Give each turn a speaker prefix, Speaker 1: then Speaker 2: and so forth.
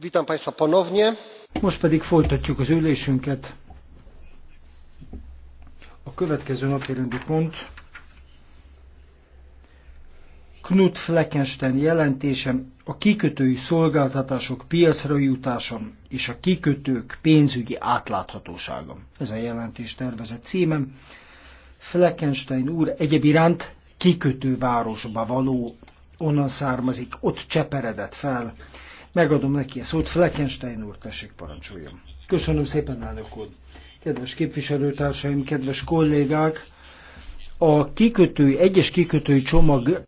Speaker 1: vitam Państwa ponownie.
Speaker 2: Most pedig folytatjuk az ülésünket. A következő napirendi pont Knut Fleckenstein jelentésem a kikötői szolgáltatások piacra jutásom és a kikötők pénzügyi átláthatóságom. Ez a jelentés tervezett címem. Fleckenstein úr egyebiránt kikötővárosba való, onnan származik, ott cseperedett fel Megadom neki a szót, Fleckenstein úr, tessék parancsoljon. Köszönöm szépen, elnök úr. Kedves képviselőtársaim, kedves kollégák, a kikötői, egyes
Speaker 3: kikötői csomag